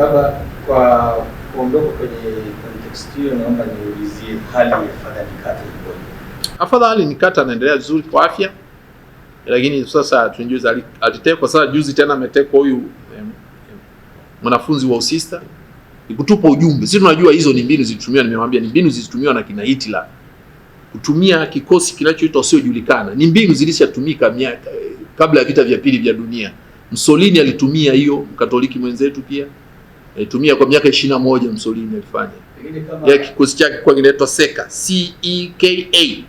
Labda kwa kuondoka kwenye context hiyo, naomba niulizie hali ya Fadhali Kata ikoje? Ah, Fadhali ni kata anaendelea vizuri kwa afya, lakini sasa tunjuzi alitekwa. Sasa juzi tena ametekwa huyu mwanafunzi wa usista, kutupa ujumbe. Sisi tunajua hizo ni mbinu zilitumiwa, nimemwambia ni mbinu zilitumiwa na kina Hitler kutumia kikosi kinachoitwa usiojulikana. Ni mbinu zilishatumika eh, kabla ya vita vya pili vya dunia. Mussolini alitumia hiyo, mkatoliki mwenzetu pia alitumia kwa miaka ishirini na moja Mussolini alifanya ya kikosi chake kwa kinaitwa Seka C E K A.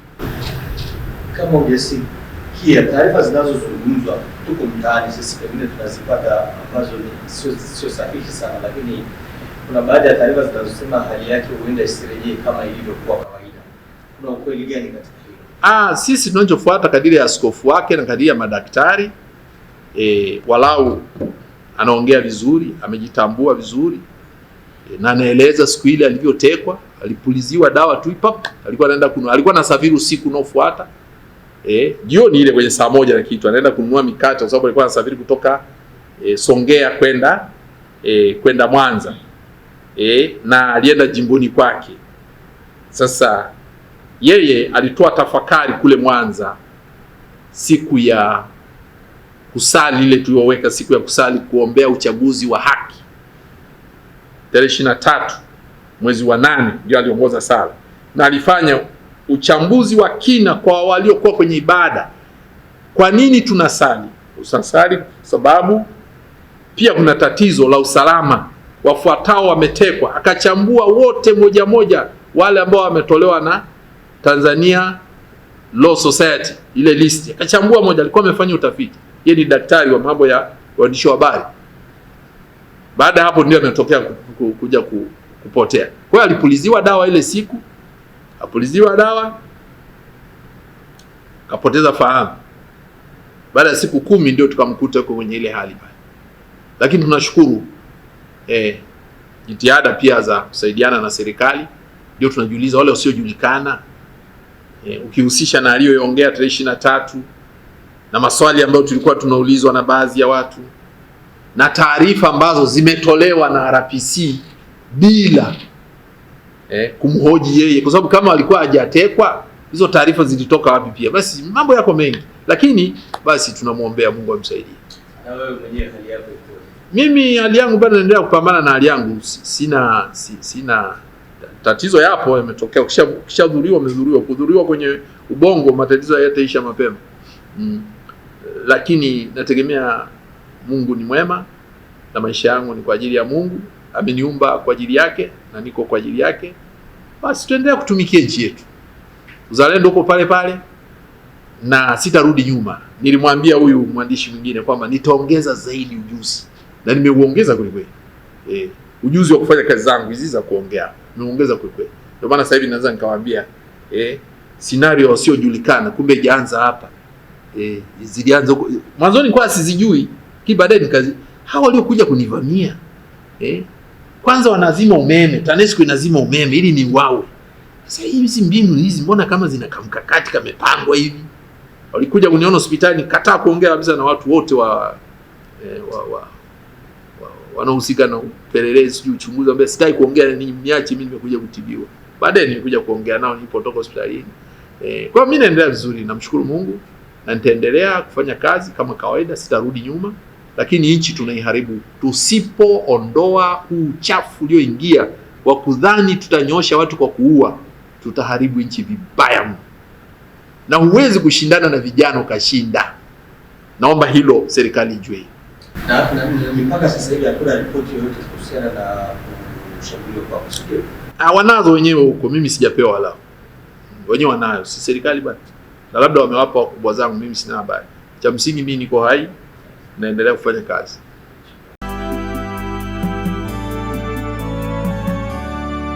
Kama ungesikia taarifa zinazozungumzwa, tuko mtaani sisi, pengine tunazipata ambazo sio sio sahihi sana, lakini kuna baadhi ya taarifa zinazosema hali yake huenda isirejee kama ilivyokuwa kawaida. Kuna ukweli gani katika hilo? Ah, sisi tunachofuata kadiri ya askofu wake na kadiri ya madaktari e, walau anaongea vizuri, amejitambua vizuri e, na anaeleza siku ile alivyotekwa, alipuliziwa dawa tu ipap, alikuwa anaenda kununua, alikuwa anasafiri usiku unaofuata eh, jioni ile kwenye saa moja na kitu, anaenda kununua mikate kwa sababu alikuwa anasafiri kutoka e, Songea kwenda e, kwenda Mwanza e, na alienda jimboni kwake. Sasa yeye alitoa tafakari kule Mwanza siku ya kusali ile tuliyoweka siku ya kusali kuombea uchaguzi wa haki tarehe ishirini na tatu mwezi wa nane, ndio aliongoza sala na alifanya uchambuzi wa kina kwa waliokuwa kwenye ibada. Kwa nini tunasali? Usasali sababu pia kuna tatizo la usalama, wafuatao wametekwa. Akachambua wote moja moja, wale ambao wametolewa na Tanzania Law Society ile listi, akachambua moja, alikuwa amefanya utafiti yeye ni daktari wa mambo ya waandishi wa habari. Baada ya hapo ndio ametokea kuja kupotea. Kwa hiyo alipuliziwa dawa ile siku, apuliziwa dawa kapoteza fahamu. Baada ya siku kumi ndio tukamkuta huko kwenye ile hali pale, lakini tunashukuru eh, jitihada pia za kusaidiana na serikali. Ndio tunajiuliza wale wasiojulikana eh, ukihusisha na aliyoongea tarehe ishirini na tatu na maswali ambayo tulikuwa tunaulizwa na baadhi ya watu na taarifa ambazo zimetolewa na RPC bila eh, kumhoji yeye, kwa sababu kama alikuwa hajatekwa hizo taarifa zilitoka wapi? Pia basi mambo yako mengi, lakini basi tunamwombea Mungu amsaidie. Na wewe mwenyewe hali yako ikoje? Mimi hali yangu bado naendelea kupambana na hali yangu, sina sina tatizo, yapo yametokea. Ukishadhuriwa umedhuriwa, kudhuriwa kwenye ubongo matatizo hayataisha mapema mm lakini nategemea Mungu ni mwema na maisha yangu ni kwa ajili ya Mungu. Ameniumba kwa ajili yake na niko kwa ajili yake. Basi tuendelea kutumikia nchi yetu, uzalendo uko pale pale na sitarudi nyuma. Nilimwambia huyu mwandishi mwingine kwamba nitaongeza zaidi ujuzi na nimeuongeza kweli kweli. Eh, ujuzi wa kufanya kazi zangu hizi za kuongea nimeongeza kweli kweli. Ndio maana sasa hivi naweza nikamwambia eh, scenario isiyojulikana kumbe ijaanza hapa eh, zilianza mwanzoni, kwa sizijui, lakini baadaye nikazi hao waliokuja kunivamia eh, kwanza wanazima umeme, TANESCO inazima umeme ili ni wawe. Sasa hizi mbinu hizi mbona kama zina kamkakati kamepangwa hivi? Walikuja kuniona hospitali, kataa kuongea kabisa na watu wote wa eh, wa, wa, wanaohusika na upelelezi sijui uchunguzi, ambaye sitaki kuongea, ni mniache mimi, nimekuja kutibiwa. Baadaye nimekuja kuongea nao nilipotoka hospitalini. Eh, kwa mimi naendelea vizuri, namshukuru Mungu na nitaendelea kufanya kazi kama kawaida, sitarudi nyuma, lakini nchi tunaiharibu tusipoondoa huu uchafu ulioingia wa kudhani tutanyosha watu kwa kuua. Tutaharibu nchi vibaya mno, na huwezi kushindana na vijana ukashinda. Naomba hilo serikali ijue. Na, mpaka sasa hivi hakuna ripoti yoyote kuhusiana na kushambuliwa kwa kusudio. Ah, wanazo wenyewe huko, mimi sijapewa, wala wenyewe wanayo, si serikali bado na labda wamewapa wakubwa zangu, mimi sina habari. Cha msingi mimi niko hai, naendelea kufanya kazi.